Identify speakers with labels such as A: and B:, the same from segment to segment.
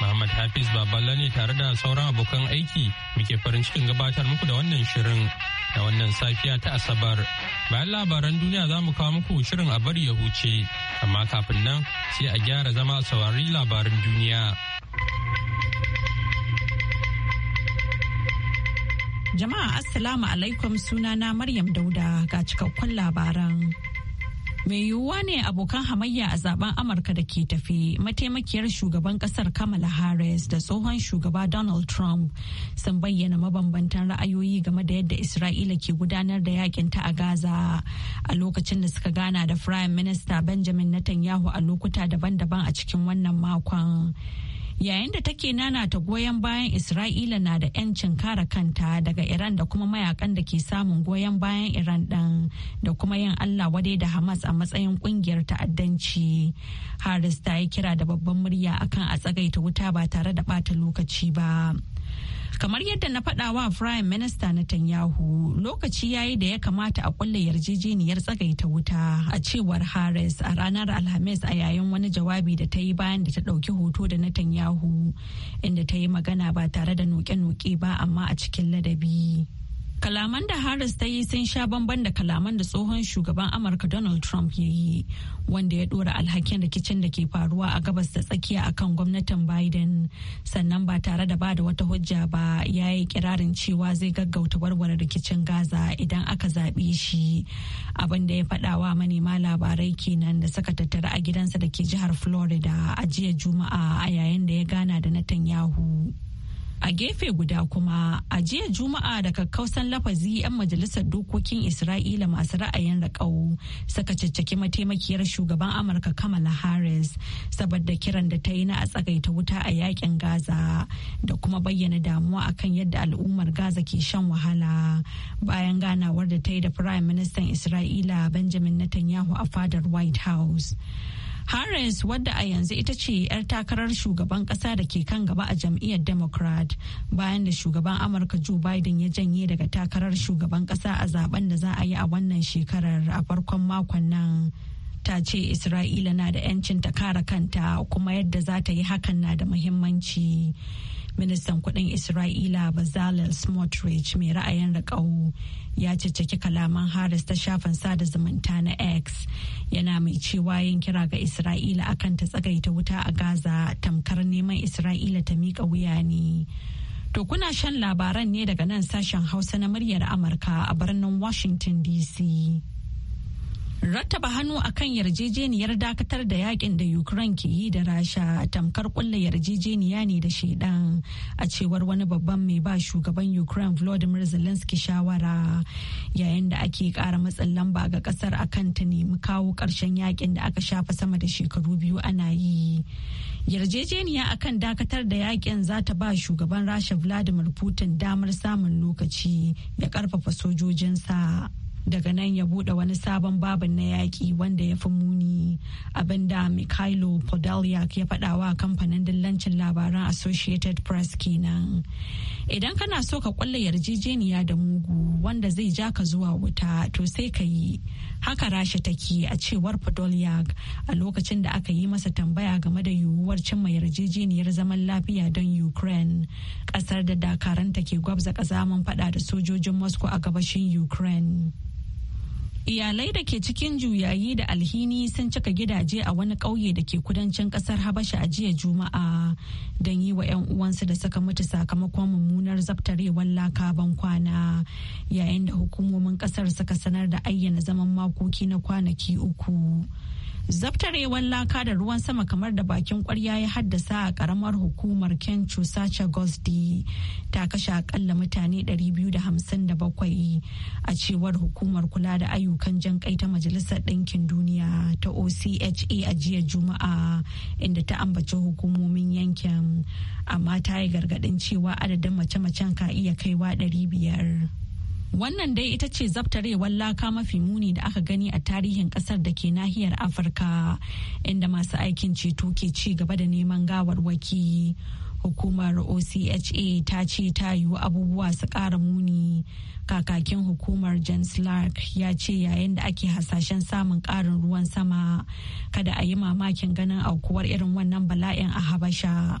A: Muhammad Hafiz Baballa ne tare da sauran abokan aiki muke farin cikin gabatar muku da wannan shirin da wannan safiya ta Asabar. Bayan labaran duniya za mu kawo muku shirin a bari ya huce, amma kafin nan sai a gyara zama a saurari labaran duniya.
B: Jama'a Assalamu alaikum sunana Maryam Dauda ga cikakkun labaran. mai yiwuwa ne abokan hamayya a zaben amurka da ke tafi mataimakiyar shugaban kasar kamala harris da tsohon shugaba donald trump sun bayyana mabambantan ra'ayoyi game da yadda isra'ila ke gudanar da yakin ta a gaza a lokacin da suka gana da prime minister benjamin netanyahu a lokuta daban-daban a cikin wannan makon yayin da take nanata goyon bayan isra'ila na da 'yancin kare kanta daga iran da kuma mayakan da ke samun goyon bayan iran ɗin da kuma yin allah wadai da hamas a matsayin kungiyar ta'addanci haris ta yi kira da babban murya akan a tsagaita wuta ba tare da bata lokaci ba kamar yadda na faɗa wa prime minister netanyahu lokaci yayi da ya kamata a kulle yarjejeniyar tsagaita wuta a cewar harris a ranar alhamis a yayin wani jawabi da ta yi bayan da ta ɗauki hoto da netanyahu inda ta yi magana ba tare da noke-noke ba amma a cikin ladabi Kalaman da Harris ta yi sun sha bamban da kalaman da tsohon shugaban Amurka Donald Trump ya yi, wanda ya dora alhakin rikicin da ke faruwa a gabas da tsakiya akan gwamnatin Biden, sannan ba tare da bada wata hujja ba ya yi kirarin cewa zai gaggauta warware rikicin Gaza idan aka zaɓe shi. Abin da ya faɗawa manema labarai kenan da suka tattara a gidansa da ke jihar Florida a jiya Juma'a a yayin da ya gana da Netanyahu. A gefe guda kuma a jiya Juma'a da kakkausan lafazi 'yan majalisar dokokin Isra'ila masu ra'ayin raƙau saka caccaki mataimakiyar shugaban Amurka Kamala Harris saboda kiran da ta yi na a tsagaita wuta a yakin Gaza da kuma bayyana damuwa akan yadda al'ummar Gaza ke shan wahala bayan ganawar da ta yi da Firayim Ministan Isra'ila Benjamin Netanyahu a fadar White House. Harris wadda a yanzu ita ce 'yar takarar shugaban kasa da ke kan gaba a jam'iyyar Democrat bayan da shugaban Amurka Joe Biden ya janye daga takarar shugaban kasa a zaben da za a yi a wannan shekarar a farkon makon nan. Ta ce Isra'ila na da 'yancin ta kara kanta kuma yadda za ta yi hakan na da muhimmanci. ministan kudin isra'ila bazalel smotrich mai ra'ayin rikau ya caccaki kalaman harris ta shafin sada zumunta na x yana mai cewa yin kira ga isra'ila akan ta tsagaita wuta a gaza tamkar neman isra'ila ta miƙa wuya ne to kuna shan labaran ne daga nan sashen hausa na muryar amurka a birnin washington dc rattaba hannu akan yarjejeniyar dakatar da yakin da ukraine ke yi da rasha tamkar kulle yarjejeniya ne da shaidan a cewar wani babban mai ba shugaban ukraine vladimir zelensky shawara yayin da ake kara matsin lamba ga kasar akan ta nemi kawo karshen yakin da aka shafa sama da shekaru biyu ana yi yarjejeniya akan dakatar da yakin za ta ba shugaban rasha vladimir putin damar samun lokaci ya karfafa sojojinsa daga nan ya bude wani sabon babin na yaƙi wanda ya fi muni abinda mikhailo podolyak ya faɗawa kamfanin dillancin labaran associated press kenan idan kana so ka kwalla yarjejeniya da mugu wanda zai ja ka zuwa wuta to sai ka yi haka rasha take a cewar podolyak a lokacin da aka yi masa tambaya game da yiwuwar cimma yarjejeniyar zaman lafiya don ukraine Kasar da dakaranta ke gwabza kazaman fada da sojojin moscow a gabashin ukraine Iyalai da ke cikin juyayi da alhini sun cika gidaje a wani ƙauye da ke kudancin ƙasar Habasha a jiya Juma'a don yi wa 'yan uwansu da suka mutu sakamakon mummunar zabtarewar laka ban kwana yayin da hukumomin ƙasar suka sanar da ayyana zaman makoki na kwanaki uku. Zabtarewar laka da ruwan sama kamar da bakin kwarya ya haddasa a karamar hukumar Ken Chusacha Gosdi ta kashe akalla mutane 257 a cewar hukumar kula da ayyukan jan kai ta Majalisar Ɗinkin Duniya ta OCHA a jiya Juma'a inda ta ambaci hukumomin yankin amma ta yi gargaɗin cewa adadin mace-macen ka iya kaiwa 500. Wannan dai ita ce zabtarewar laka mafi muni da aka gani a tarihin kasar da ke nahiyar Afirka inda masu aikin ceto ke ci gaba da neman gawarwaki. Hukumar OCHA ta ce ta yiwu abubuwa su ƙara muni. Kakakin hukumar James Lark ya ce yayin da ake hasashen samun ƙarin ruwan sama kada a yi mamakin ganin aukuwar irin wannan bala'in a Habasha.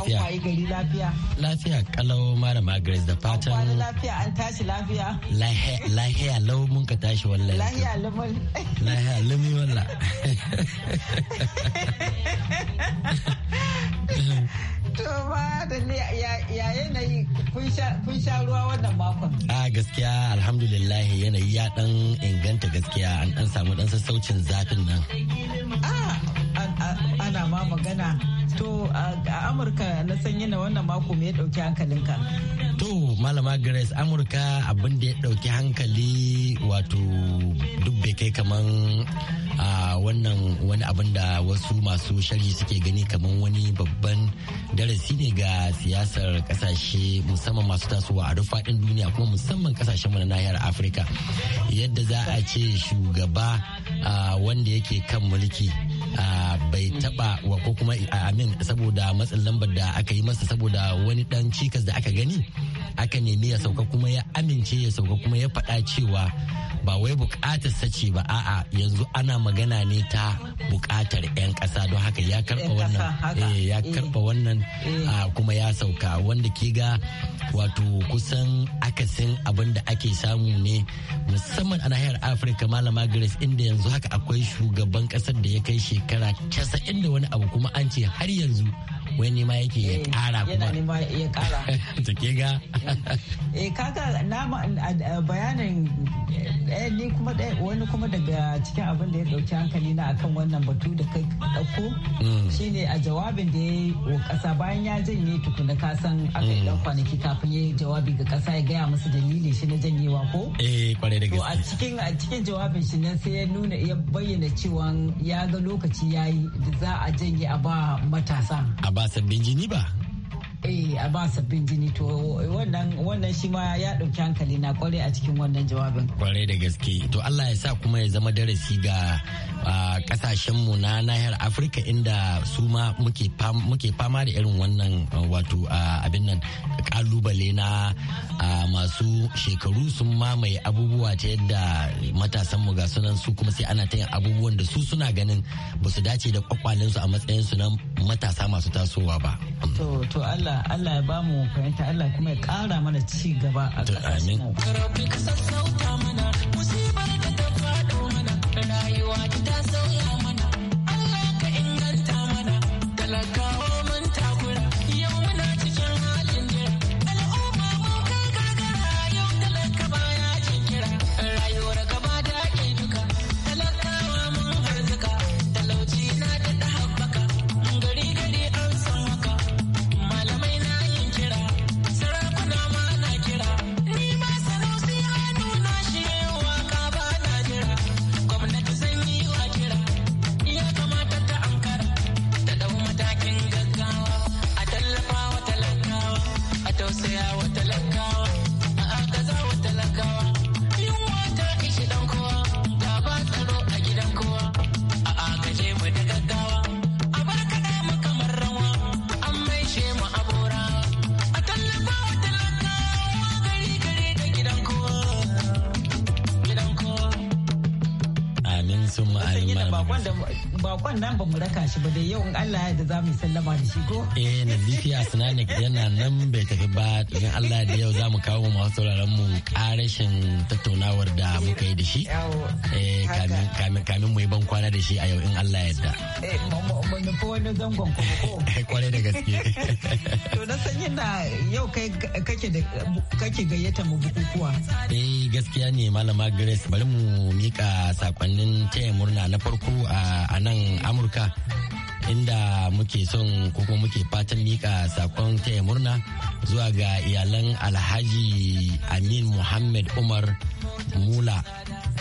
C: lafiya. An gari lafiya. Lafiya
D: kalau mara Grace da fatan. An
C: lafiya an tashi lafiya.
D: Lahiya lau mun ka tashi wallahi. Lahiya lumul. Lahiya lumi wallah.
C: To ba da ya yanayi kun sha ruwa wannan makon.
D: A gaskiya alhamdulillah yanayi ya dan inganta gaskiya an dan samu dan sassaucin zafin nan.
C: Ah, ana ma magana to a amurka na sanyi na wannan mako me ya dauki hankalinka
D: to malama grace amurka abin da ya dauki hankali wato duk bai kai kaman a wannan wani abin da wasu masu sharhi suke gani kamar wani babban darasi ne ga siyasar kasashe musamman masu tasowa a rufaɗin duniya kuma musamman kasashen na nahiyar afirka yadda za a ce shugaba wanda yake kan mulki taba wa ko kuma amin saboda matsin lambar da aka yi masa saboda wani dan cikas da aka gani aka nemi ya sauka kuma ya amince ya sauka kuma ya faɗa cewa ba wai bukatar sace ba a'a yanzu ana magana ne ta bukatar 'yan ƙasa don haka ya karba wannan eh, ya karba eh. wannan eh. kuma ya sauka wanda ke ga wato kusan akasin abin da ake samu ne musamman a nahiyar afirka malama grace inda yanzu haka akwai shugaban ƙasar da ya kai shekara inda wani abu kuma an ce har yanzu wani ma yake ya eh, kara kuma yana nima ya kara ta ke ga
C: eh kaga na bayanin eh, ni kuma wani kuma daga cikin abin da ya dauki hankali na akan wannan batu da kai dauko mm. shine a jawabin da ya o kasa bayan ya janye tukuna ka san. aka yi dan mm. kwanaki kafin ya jawabi ga kasa ya gaya musu dalili shi na janyewa ko eh kwarai da gaske a cikin a cikin jawabin shi nan sai ya nuna ya bayyana cewa ya ga lokaci yayi da za a janye a ba matasa
D: ba sabbin jini ba
C: eh a ba sabbin jini to wannan shi ma ya ɗauki hankali na kware
D: a cikin wannan jawabin kwarai da gaske to Allah ya sa kuma ya zama darasi ga kasashen mu na nahiyar Afirka inda su ma muke fama da irin wannan wato abin nan kalubale na masu shekaru sun mamaye abubuwa ta yadda matasan mu ga sunan su kuma sai ana ta yin abubuwan da su suna ganin ba su dace da kwakwalensu a su na matasa masu tasowa ba. To,
C: to Allah Allah Allah ya bamu fahimta Allah kuma ya kara mana ci gaba a ƙasashen mu.
B: ka sassauta mana musibar da ta faɗo mana rayuwa ta sauya mana Allah ka inganta mana talaka
C: nan raka shi ba dai yau in Allah ya da za mu sallama da shi ko
D: eh na bifiya sinanik yana nan bai tafi ba in Allah da yau za mu kawo masu sauraron mu karashin tattaunawar da muka yi da shi eh kamin kamin mu yi ban kwana da shi a yau in Allah ya da eh mun nufi wani zangon ko kwarai eh, da gaske
C: to na san yana yau kai kake da kake gayyata mu bukukuwa
D: eh gaskiya ne malama Grace bari mu mika sakonnin taya murna na farko a nan Amurka inda muke son kuma muke fatan mika sakon taya murna zuwa ga iyalan alhaji amin muhammad umar mula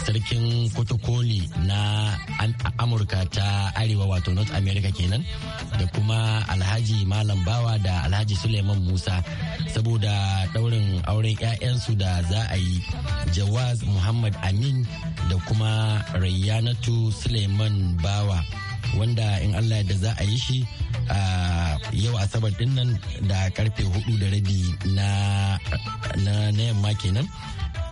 D: sarkin kotokoli na amurka ta arewa wato north america kenan da kuma alhaji malam bawa da alhaji suleiman musa saboda daurin auren 'ya'yansu da za a yi jawaz muhammad amin da kuma rayyanatu suleiman bawa wanda in allah da za a yi shi a yau asabar din nan da karfe hudu da rabi na yamma kenan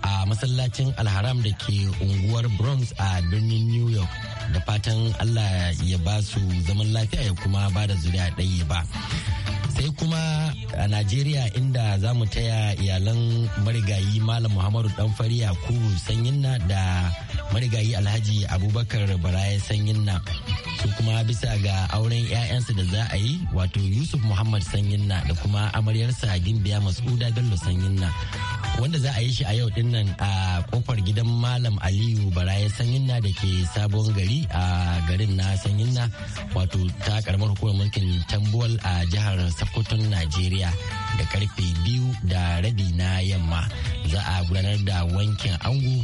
D: a masallacin alharam da ke unguwar bronx a birnin new york da fatan allah ya ba su zaman lafiya ya kuma ba da zuriya ɗaya ba sai kuma a najeriya inda za mu taya iyalan marigayi malam muhammadu danfari yakubu sanyinna da marigayi alhaji abubakar baraye na. su kuma bisa ga auren 'ya'yansu da za a yi wato yusuf muhammad sanyinna da kuma amaryarsa gimbiya masuda bello sanyinna wanda za a yi shi a yau din nan a kofar gidan malam aliyu baraye sanyinna da ke sabon gari a garin na sanyinna wato ta karamar hukumar mulkin tambuwal a jihar sokoton najeriya da karfe biyu da rabi na yamma za a gudanar da wankin ango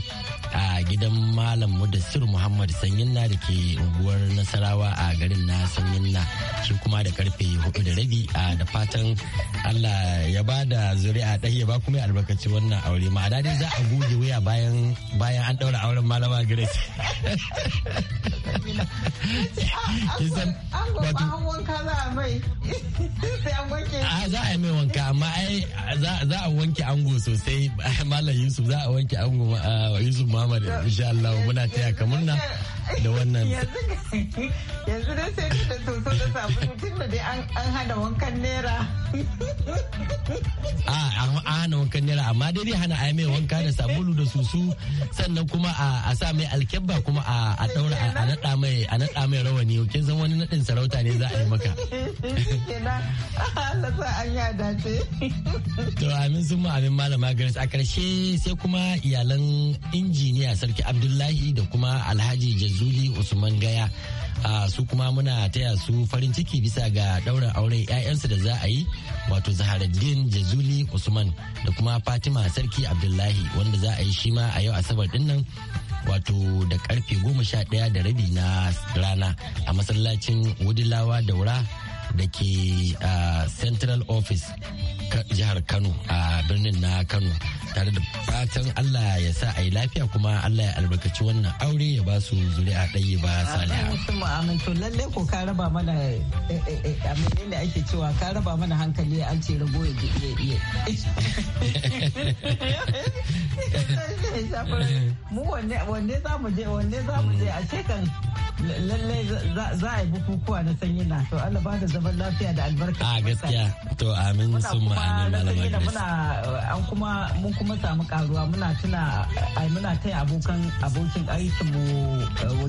D: a gidan malam mudassir muhammad sanyinna da ke unguwar nasarawa a garin na sanyinna shi kuma da karfe hudu da rabi a da fatan allah ya ba da zuri'a ɗaya ba kuma ya albarkaci wannan aure ma dai za a goge wuya bayan bayan an ɗaura auren malama grace za a yi mai wanka amma ai za a wanke ango sosai malam yusuf za a wanke ango yusuf ma Muhammad insha Allah muna taya ka murna da wannan
C: yanzu dai sai da soso da sabulu tun da an hana wankan naira
D: a an hana wankan naira amma dai dai hana ayi mai wanka da sabulu da susu sannan kuma a sa mai alkebba kuma a daura a nada mai a nada mai rawani kin zan wani nadin sarauta ne za a yi maka
C: Allah sa an ya dace
D: to amin sun mu amin malama garis a karshe sai kuma iyalan inji injiniya sarki abdullahi da kuma alhaji jazuli usman gaya su kuma muna taya su farin ciki bisa ga ɗaurin auren 'ya'yansu da za a yi wato zaharaddin jazuli usman da kuma fatima sarki abdullahi wanda za a yi shi ma a yau asabar dinnan wato da karfe goma sha ɗaya da rabi na rana a masallacin wudilawa daura da ke central office jihar kano a birnin na kano tare da fatan Allah ya sa a yi lafiya kuma Allah ya albarkaci wannan aure ya ba su zuri'a ɗaya ba saliha.
C: Amin to lallai ko ka raba mana eh, eh, eh, a amin da ake cewa ka raba mana hankali an ce rago ya iya. Mu wanne za mu je wanne za mu je a shekan lallai za a yi bukukuwa na sanyi na to Allah ba da zaman lafiya da albarka. A
D: gaskiya to amin sun ma'anin malama Grace. Muna
C: an kuma mun kuma samu karuwa muna tuna ai muna taya abokan abokin aikin mu eh,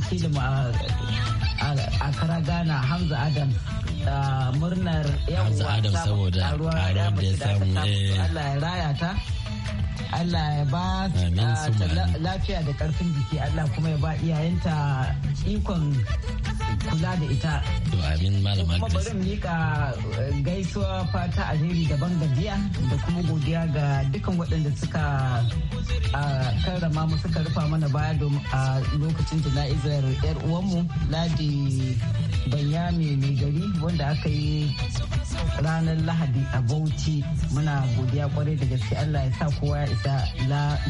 C: a kara gana Hamza Adam murnar yawa saboda karuwa da ya samu
D: eh. Allah
C: ya raya ta Allah ya ba eh, lafiya da karfin jiki Allah kuma ya ba iyayenta ikon kula da ita.
D: To malama Kuma bari
C: ka eh, gaisuwa fata alheri daban gajiya da kuma godiya ga dukkan waɗanda suka karrama mu suka rufa mana baya a lokacin jana'izar yar uwanmu Ladi Banyame mai gari wanda aka yi ranar Lahadi a Bauchi muna godiya kwarai da gaske Allah ya sa kowa ya isa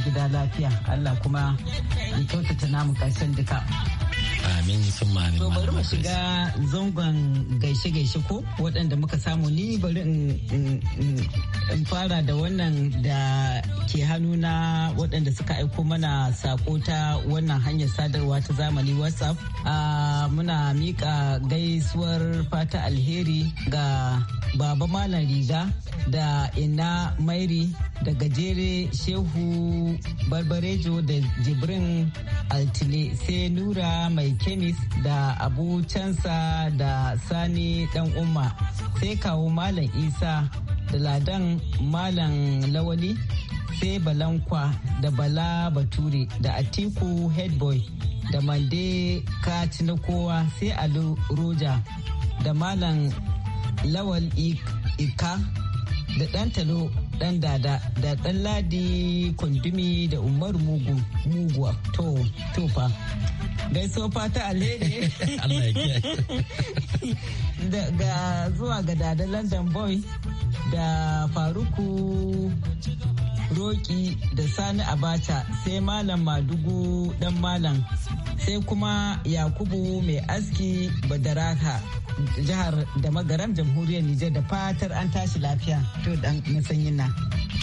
C: gida lafiya Allah kuma ya kyautata namu karshen duka.
D: Amin sun ma'amin To bari mu shiga
C: zangon gaishe-gaishe ko waɗanda muka samu ni bari in fara da wannan da ke hannu na waɗanda suka aiko mana sako ta wannan hanyar sadarwa ta zamani WhatsApp. Muna mika gaisuwar fata alheri ga Baba Malam Riga da Ina Mairi da Gajere Shehu Barbarejo da Jibrin Altine sai Nura mai Kemis da Abu Cansa da Sani Dan Umma sai kawo Malam Isa da Ladan Malam Lawali sai Balankwa da Bala Bature da Atiku Headboy da Mande Kati na kowa sai Alu Roja da Malam Lawal Ika da dan talo dan dada da dan ladi kundumi da umaru mugu muguwa tofa gaiso fata alheri daga zuwa ga dada london boy da faruku roƙi da sani abacha sai malam madugu dan malam sai kuma yakubu mai aski badaraka jihar da magaram jamhuriyar nijar da fatar an tashi lafiya to dan masanyin na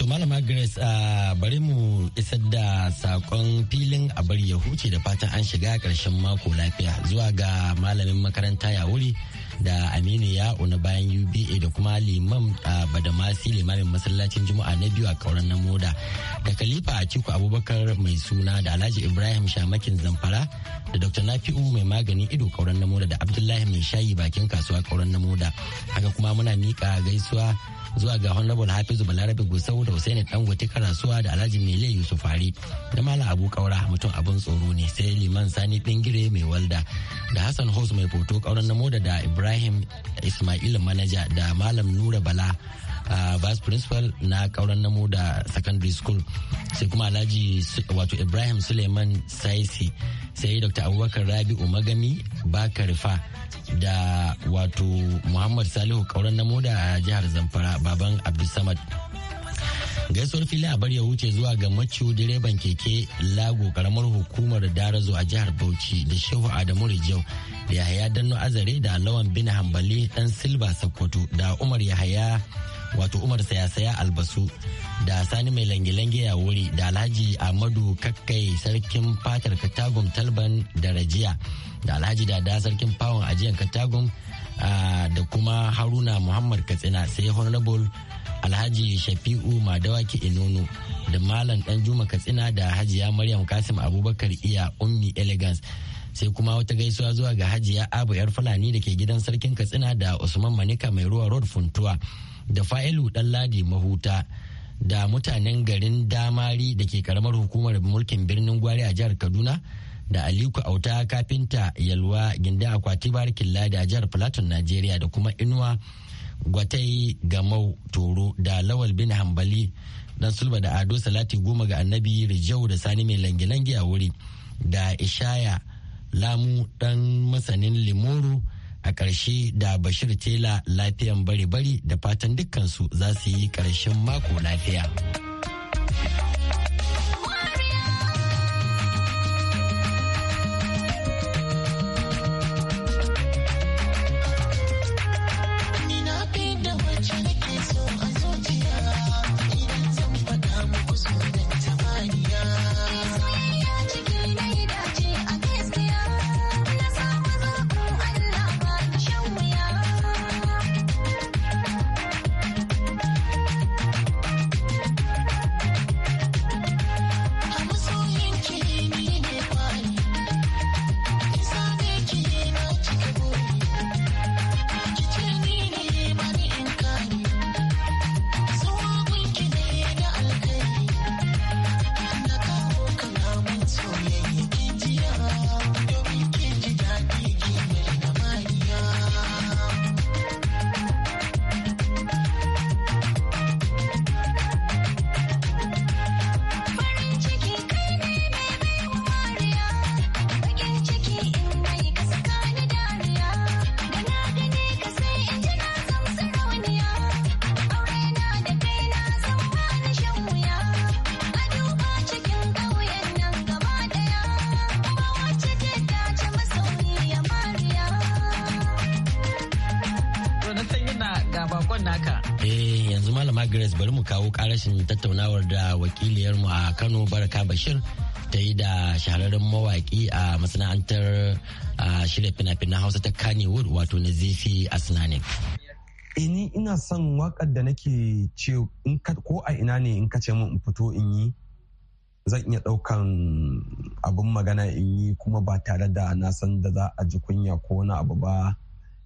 D: To Malama Grace a bari mu isar da sakon filin a bari ya huce da fatan an shiga karshen mako lafiya zuwa ga malamin makaranta ya wuri da Aminu Ya'u na bayan UBA da kuma Limam a Badamasi limamin masallacin Juma'a na biyu a kauran na Moda da Khalifa Atiku Abubakar mai suna da Alhaji Ibrahim Shamakin Zamfara da Dr. Nafi'u mai maganin ido kauran na Moda da Abdullahi mai shayi bakin kasuwa kauran na Moda haka kuma muna mika gaisuwa zuwa ga honorable hafizu balarabe gusau da husaini gote karasuwa da alhaji mele yusuf fari da malam abu kaura mutum abun tsoro ne sai liman sani bingire mai walda da hassan hos mai foto kauran na moda da ibrahim ismail manaja da malam nura bala a vice principal na kauran namu da secondary school sai kuma alhaji wato ibrahim suleiman saisi sai dr abubakar rabi rabi'u magami bakarifa da wato muhammad salihu kauran namu da jihar zamfara baban abdulsamad gaisuwar fili a bar ya wuce zuwa ga mace direban keke lago karamar hukumar darazo a jihar bauchi da shehu adamu rijau da yahaya danno azare da lawan bin hambali dan silba sokoto da umar yahaya wato umar saya-saya albasu da sani mai lange-lange ya wuri da alhaji amadu kakkai sarkin fatar katagum talban da rajiya da alhaji dada sarkin fawon ajiyar katagum da kuma haruna muhammad katsina sai honorable alhaji shafi'u madawaki inono da malam dan juma katsina da hajiya maryam kasim abubakar iya ummi elegance sai kuma wata gaisuwa zuwa ga hajiya abu yar fulani da ke gidan sarkin katsina da usman manika mai ruwa road funtuwa da fa'ilu Ladi mahuta da mutanen garin damari da ke karamar hukumar mulkin birnin gwari a jihar kaduna da aliku auta kafinta yalwa ginda akwati barikin ladi a jihar platon najeriya da kuma inuwa gwatai gamau toro da lawal bin hambali dan sulba da ado salati goma ga annabi rijau da sani mai lange langi a wuri da ishaya lamu dan masanin limuru a ƙarshe da bashir tela lafiyan bari-bari da fatan dukkansu za su yi ƙarshen mako lafiya. grace bari mu kawo karashin tattaunawar da wakiliyarmu a kano baraka bashir ta yi da shahararren mawaki a masana'antar shirya fina-finan hausa ta kannywood wato na zifi asnanik
E: eh, ni ina son wakar da nake ce ko a ina ne in kace ce min in fito in yi zan iya ɗaukan abin magana in yi kuma ba tare da na san da za a ji kunya ko wani abu ba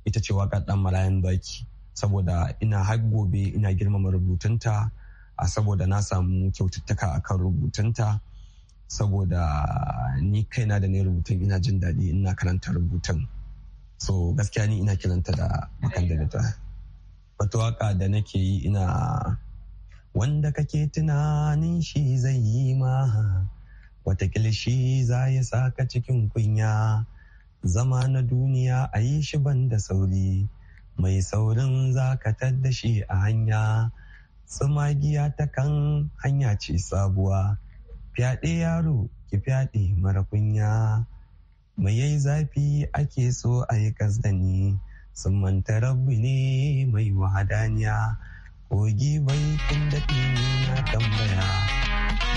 E: ita ce wakar ɗan malayan zaki saboda ina har gobe ina girmama rubutunta a saboda na samu kyaututtuka akan rubutunta saboda ni kaina da ne rubutun ina jin daɗi ina karanta rubutun so gaskiya ni ina kiranta da makandarita wata waka da nake yi ina wanda kake tunanin shi zai yi ma wata kilishi za ya saka cikin kunya zama na duniya a yi shi ban da sauri mai saurin zakatar da shi a hanya tsumagiya ta kan hanya ce sabuwa fyaɗe yaro ki fyaɗe mara kunya mai yai zafi ake so a yi kasdani sun manta rabbi ne mai wahadaniya kogi bai kun daɗi na tambaya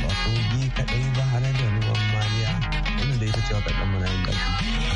E: ba kogi kaɗai ba har da ruwan mariya wanda da ita ce kaɗan mana yin baki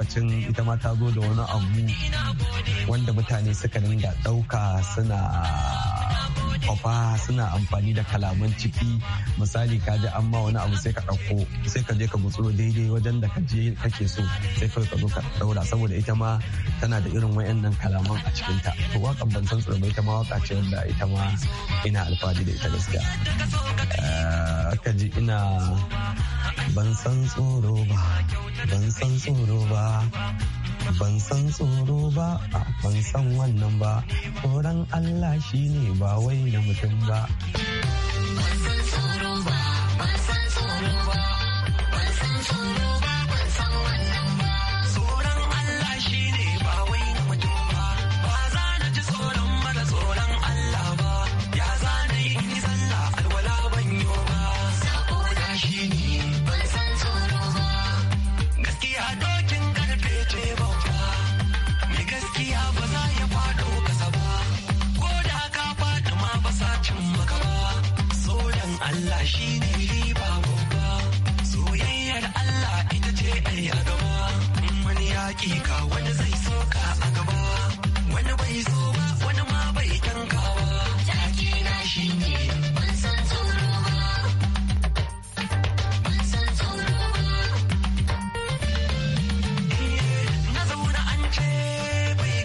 E: lokacin ita ma ta zo da wani abu wanda mutane suka dinga ɗauka suna kwafa suna amfani da kalaman ciki misali ka ji amma wani abu sai ka ɗauko sai ka je ka gutsuro daidai wajen da ka je kake so sai kawai ka zo ka ɗaura saboda ita ma tana da irin wayannan kalaman a cikin ta to waƙar ban san tsoro ita ma waka ce wanda ita ma ina alfahari da ita gaskiya eh, ka ji ina ban san tsoro ba ban san tsoro ba ban san tsoro ba ban san wannan ba tsoron Allah shine ba wai na mutum ba Allah shi ne riba babba soyayyar Allah ita ce ai a gaba in wani yaƙi ka wani zai soka a gaba wani bai so ba wani ma bai tankawa take na shi ne bai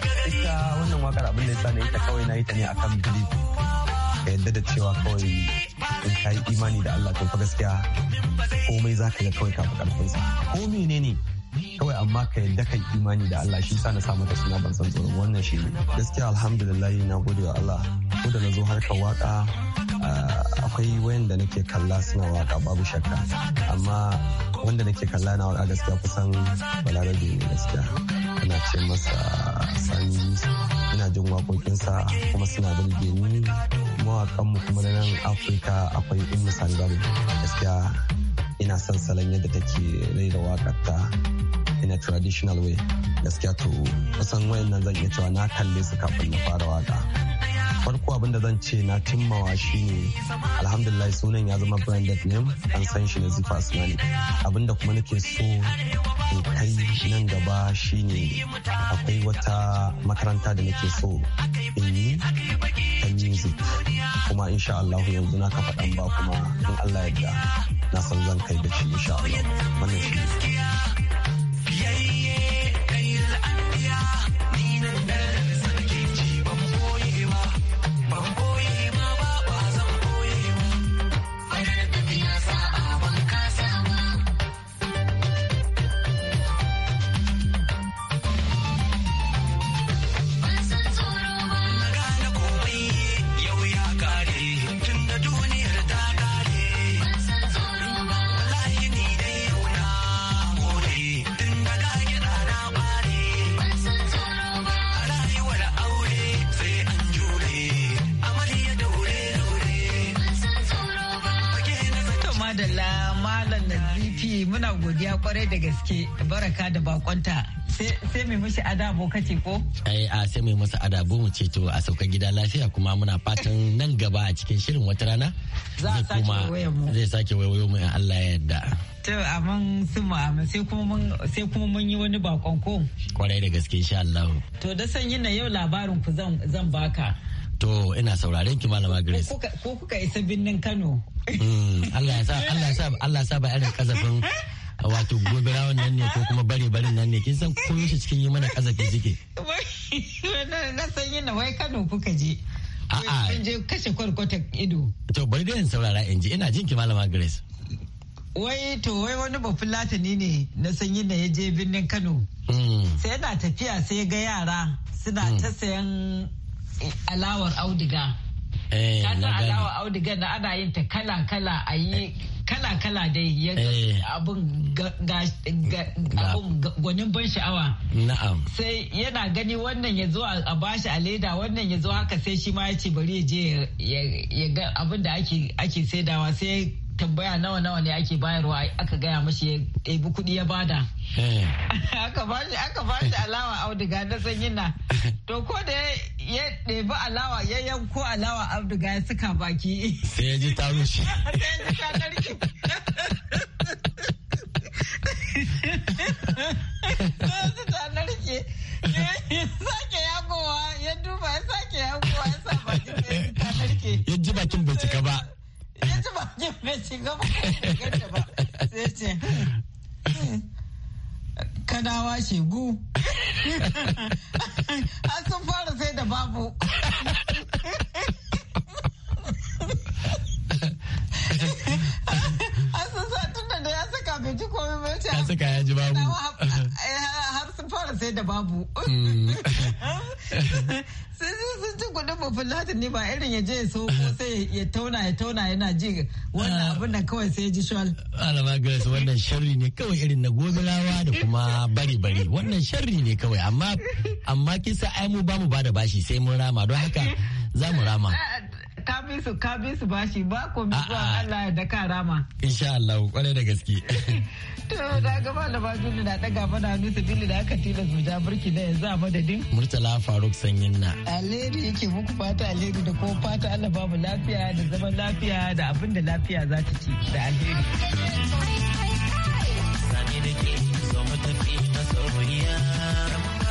E: gagari wannan wakar abin da ya sa na yi ta kawai na yi ta ne akan bilibi yadda da cewa kawai ka yi imani da Allah to fa gaskiya komai za ka ga kawai kafa karfinsa ko menene kawai amma ka yadda kai imani da Allah shi sa na samu ta suna ban san tsoron wannan shi ne gaskiya alhamdulillah na gode wa Allah ko da na zo ka waka ah, akwai wayanda nake kalla suna waka babu shakka amma wanda nake kalla na waka gaskiya kusan balarabe ne gaskiya ana ce masa sani ina jin waƙoƙinsa kuma suna birge ni mu kuma na nan afirka akwai in sangam gaskiya ina son salon yadda take rai da wakarta in a traditional way gaskiya to kusan wayannan zan iya cewa na kalle su kafin na fara waka farko abin da zan ce na timmawa shine alhamdulillah sunan ya zama branded name an san shi na zifa asmani abin da kuma nake so in kai nan gaba shine akwai wata makaranta da nake so in yi ta music kuma insha Allah yanzu na kafa ɗan ba kuma in Allah yadda na san zan kai da shi insha Allah wannan shi ne.
C: kwarai da gaske baraka da bakonta sai mai mushi adabo kace ko?
D: Ai a sai mai musu adabo mu ce to a sauka gida lafiya kuma muna fatan nan gaba a cikin shirin wata rana. Za a sake wayo mu. Zai sake wayo mu in Allah ya yarda. To amman su mu sai kuma mun sai kuma mun yi wani bakon ko? Kwarai da gaske insha Allah.
C: To da san yin yau labarin ku zan zan baka.
D: To ina sauraren ki malama Grace.
C: Ko kuka isa birnin Kano?
D: Hmm, Allah ya sa Allah ya sa Allah ya sa ba irin kazafin wato ne kin san kun shi cikin yi mana kazafi suke
C: na san na wai Kano kuka je a'a kun je kashe kwarkwata ido
D: to bari da yin saurara in ji ina jin ki malama Grace wai
C: to wai wani bafulatani ne na yi na ya je birnin Kano hmm. sai yana tafiya sai ga yara suna hmm. ta sayan eh, alawar auduga
D: eh, Kasan alawar
C: auduga na ana yin ta kala-kala a yi eh. kala-kala dai ya eh. abun gwanin ban sha'awa sai yana gani wannan ya zo a bashi a leda wannan ya zo haka sai shi ma ya ce bari ya je ya ga abin da ake saidawa sai tambaya nawa nawa ne ake bayarwa aka gaya mashi ya ɗebi kuɗi ya bada. Eh. Aka ba shi alawa auduga na sanyi na. To ko da ya ɗebi alawa ya yanko alawa auduga ya suka baki.
E: Sai ya ji tarushi.
C: Sai ya ji tarushi. gama ba ce eh, kanawa shegu an sun fara sai da babu an sun sa tun da ya saka bai ji komai ba ya saka ya ji babu eh, har sun fara sai da babu mm. bafin ne ba irin ya je so ko sai ya tauna ya tauna yana ji wannan ah. abin da kawai sai ya ji shawal.
D: Alama Grace wannan sharri ne kawai irin na gobilawa da kuma bari bari wannan sharri ne kawai amma amma kisa ai mu ba mu ba da bashi sai mun rama don haka za mu rama.
E: Eh,
C: ka bi su ka bi su bashi ba ko mi zuwa Allah da ka rama
D: insha Allah kwarai da gaske
C: to da gaba da dole na daga mana hannu sabili da aka tilas mu ja burki da yanzu a madadin
D: Murtala Faruk Sanyin na
C: alheri yake muku fata alheri da ko fata Allah babu lafiya da zaman lafiya da abin da lafiya za ta ci da alheri Sani da ke
A: zo mu tafi na sauriya.